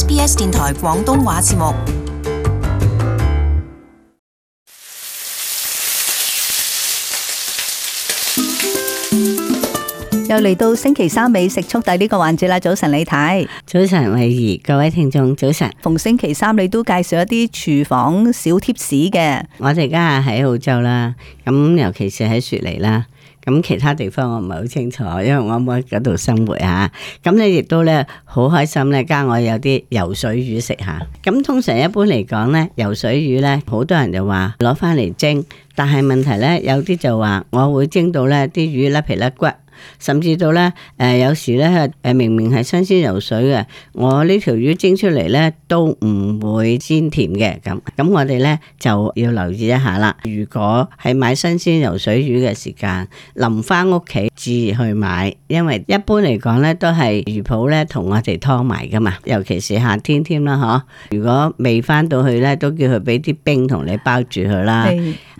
SBS 電台廣東話節目。又嚟到星期三美食速遞呢個環節啦！早晨你睇，早晨維儀，各位聽眾早晨。逢星期三你都介紹一啲廚房小貼士嘅。我哋而家喺澳洲啦，咁尤其是喺雪梨啦，咁其他地方我唔係好清楚，因為我冇喺嗰度生活吓。咁你亦都咧好開心咧，加我有啲游水魚食下。咁通常一般嚟講咧，游水魚咧，好多人就話攞翻嚟蒸，但係問題咧，有啲就話我會蒸到咧啲魚甩皮甩骨。甚至到咧，誒有時咧，誒明明係新鮮游水嘅，我呢條魚蒸出嚟咧都唔會鮮甜嘅。咁咁我哋咧就要留意一下啦。如果係買新鮮游水魚嘅時間，臨翻屋企至去買，因為一般嚟講咧都係魚鋪咧同我哋劏埋噶嘛，尤其是夏天添啦嗬。如果未翻到去咧，都叫佢俾啲冰同你包住佢啦。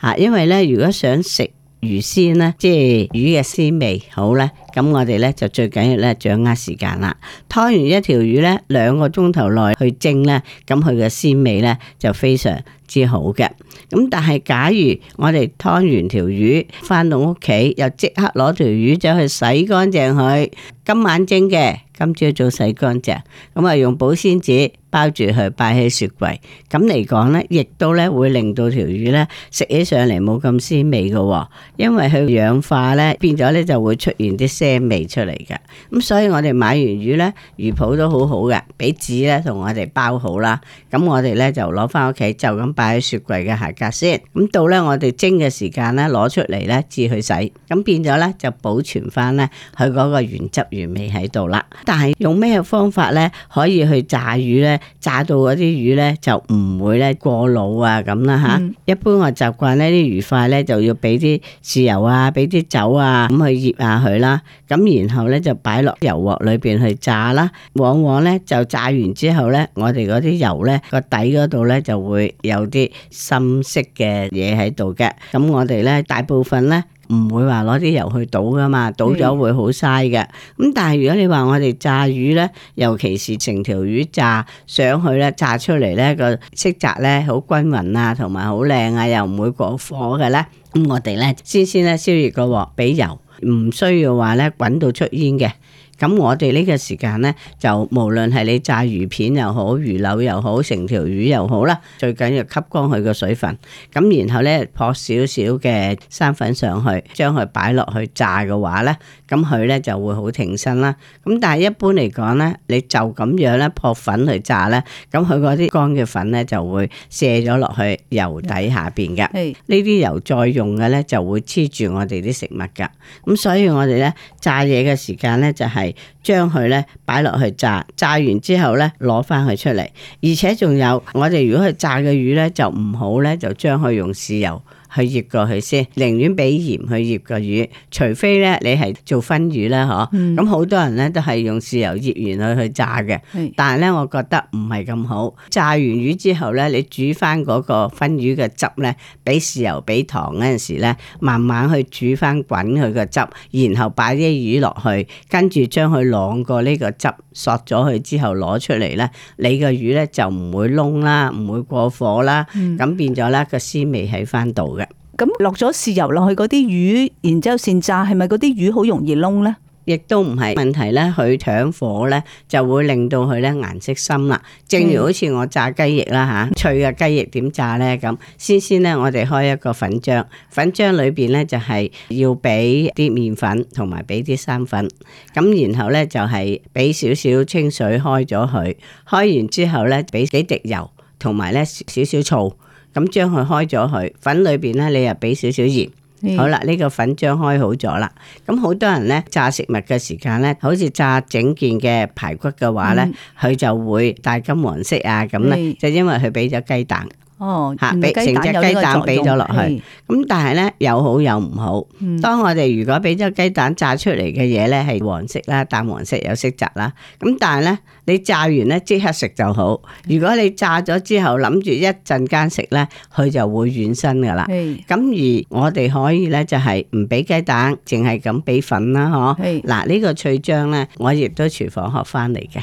吓是，因為咧如果想食。魚鮮呢，即係魚嘅鮮味好呢。咁我哋呢，就最緊要咧掌握時間啦。湯完一條魚呢，兩個鐘頭內去蒸呢，咁佢嘅鮮味呢，就非常之好嘅。咁但係假如我哋湯完條魚，翻到屋企又即刻攞條魚走去洗乾淨佢，今晚蒸嘅，今朝早，早洗乾淨，咁啊用保鮮紙。包住佢，擺喺雪櫃咁嚟講呢，亦都呢會令到條魚呢食起上嚟冇咁鮮味噶、哦，因為佢氧化呢，變咗呢就會出現啲腥味出嚟噶。咁、嗯、所以我哋買完魚呢，魚鋪都好好嘅，俾紙呢同我哋包好啦。咁、嗯、我哋呢就攞翻屋企，就咁擺喺雪櫃嘅下格先。咁到呢，我哋蒸嘅時間呢攞出嚟呢，至去洗。咁變咗呢，就保存翻呢佢嗰個原汁原味喺度啦。但係用咩方法呢？可以去炸魚呢？炸到嗰啲魚咧就唔會咧過老啊咁啦吓，嗯、一般我習慣呢啲魚塊咧就要俾啲豉油啊，俾啲酒啊咁去醃下佢啦，咁然後咧就擺落油鑊裏邊去炸啦。往往咧就炸完之後咧，我哋嗰啲油咧個底嗰度咧就會有啲深色嘅嘢喺度嘅，咁我哋咧大部分咧。唔會話攞啲油去倒㗎嘛，倒咗會好嘥嘅。咁但係如果你話我哋炸魚呢，尤其是成條魚炸上去呢，炸出嚟呢個色澤呢，好均勻啊，同埋好靚啊，又唔會過火嘅呢。咁我哋呢，先先呢燒熱個鑊，俾油，唔需要話呢滾到出煙嘅。咁我哋呢個時間呢，就無論係你炸魚片又好，魚柳又好，成條魚又好啦，最緊要吸乾佢個水分。咁然後呢，撲少少嘅生粉上去，將佢擺落去炸嘅話呢，咁佢呢就會好挺身啦。咁但係一般嚟講呢，你就咁樣咧撲粉去炸呢，咁佢嗰啲乾嘅粉呢就會卸咗落去油底下邊嘅。呢啲是油再用嘅呢，就會黐住我哋啲食物㗎。咁所以我哋呢，炸嘢嘅時間呢，就係、是。將佢咧擺落去炸，炸完之後咧攞翻佢出嚟，而且仲有，我哋如果去炸嘅魚咧，就唔好咧，就將佢用豉油。去醃過去先，寧願俾鹽去醃個魚，除非咧你係做燻魚啦。嗬、嗯。咁好多人咧都係用豉油醃完去去炸嘅，嗯、但係咧我覺得唔係咁好。炸完魚之後咧，你煮翻嗰個燻魚嘅汁咧，俾豉油、俾糖嗰陣時咧，慢慢去煮翻滾佢嘅汁，然後擺啲魚落去，跟住將佢晾過呢個汁，索咗佢之後攞出嚟咧，你個魚咧就唔會燶啦，唔會過火啦。咁、嗯、變咗咧個鮮味喺翻度嘅。咁落咗豉油落去嗰啲魚，然之後先炸，係咪嗰啲魚好容易燶呢？亦都唔係問題咧，佢搶火呢就會令到佢咧顏色深啦。正如好似我炸雞翼啦吓， 脆嘅雞翼點炸呢？咁，先先呢，我哋開一個粉漿，粉漿裏邊呢就係要俾啲麵粉同埋俾啲生粉，咁然後呢，就係俾少少清水開咗佢，開完之後呢，俾幾滴油同埋呢少少醋。咁將佢開咗佢粉裏邊咧，你又俾少少鹽。嗯、好啦，呢、呢個粉漿開好咗啦。咁好多人咧炸食物嘅時間咧，好似炸整件嘅排骨嘅話咧，佢、嗯、就會帶金黃色啊咁咧，嗯、就因為佢俾咗雞蛋。哦，吓成隻雞蛋俾咗落去，咁的但係呢有好有唔好。嗯、當我哋如果俾隻雞蛋炸出嚟嘅嘢呢，係黃色啦，淡黃色有色澤啦，咁但係呢，你炸完呢即刻食就好。如果你炸咗之後諗住一陣間食呢，佢就會軟身噶啦。咁的而我哋可以呢，就係唔俾雞蛋，淨係咁俾粉啦，嗬的。嗱呢、啊這個脆漿呢，我亦都廚房學翻嚟嘅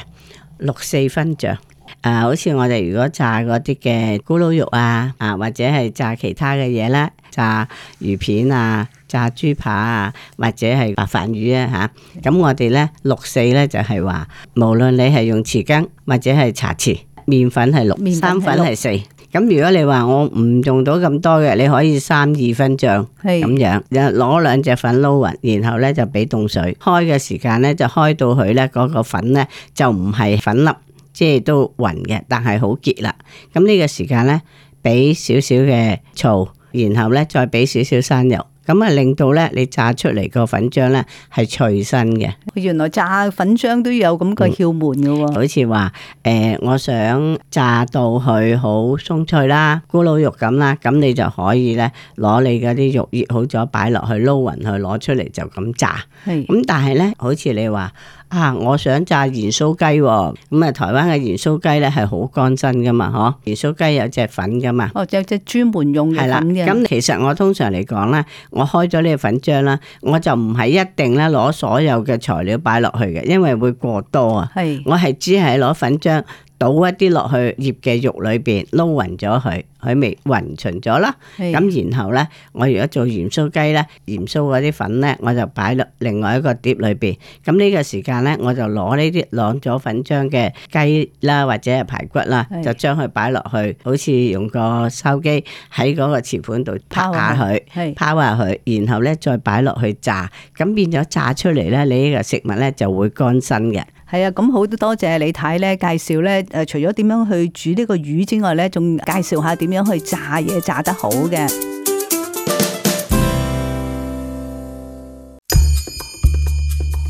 六四分漿。誒、啊，好似我哋如果炸嗰啲嘅咕嚕肉啊，啊或者係炸其他嘅嘢咧，炸魚片啊，炸豬扒啊，或者係白飯魚啊吓，咁、啊、我哋咧六四咧就係話，無論你係用匙羹或者係茶匙，麵粉係六，粉六生粉係四。咁，六如果你話我唔用到咁多嘅，你可以三二分醬咁是樣，然後攞兩隻粉撈勻，然後咧就俾凍水開嘅時間咧就開到佢咧嗰個粉咧就唔係粉粒。即係都勻嘅，但係好結啦。咁、這、呢個時間呢，俾少少嘅醋，然後呢，再俾少少生油，咁啊令到呢，你炸出嚟個粉漿呢係脆身嘅。原來炸粉漿都有咁個竅門嘅喎、嗯。好似話誒，我想炸到佢好鬆脆啦、咕嚕肉咁啦，咁你就可以呢，攞你嗰啲肉醃好咗，擺落去撈勻去，佢攞出嚟就咁炸。係咁是、嗯，但係呢，好似你話。啊！我想炸鹽酥雞，咁啊，台灣嘅鹽酥雞咧係好乾身噶嘛，嗬？鹽酥雞有隻粉噶嘛？哦，有隻專門用嘅粉嘅。咁、嗯、其實我通常嚟講咧，我開咗呢個粉漿啦，我就唔係一定咧攞所有嘅材料擺落去嘅，因為會過多啊。係的，我係只係攞粉漿。倒一啲落去醃嘅肉裏邊，撈勻咗佢，佢咪勻馴咗啦。咁是然後呢，我如果做鹽酥雞呢，鹽酥嗰啲粉呢，我就擺落另外一個碟裏邊。咁、這、呢個時間呢，我就攞呢啲晾咗粉漿嘅雞啦，或者排骨啦，是就將佢擺落去，好似用個收機喺嗰個瓷盤度拋下佢，拋下佢，然後呢，再擺落去炸。咁變咗炸出嚟呢，你呢個食物呢，就會乾身嘅。係啊，咁好多謝李太咧，介紹咧，誒，除咗點樣去煮呢個魚之外咧，仲介紹下點樣去炸嘢，炸得好嘅。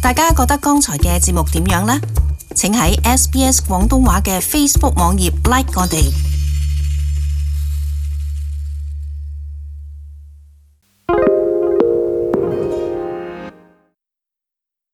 大家覺得剛才嘅節目點樣呢？請喺 SBS 廣東話嘅 Facebook 網頁 like 我哋。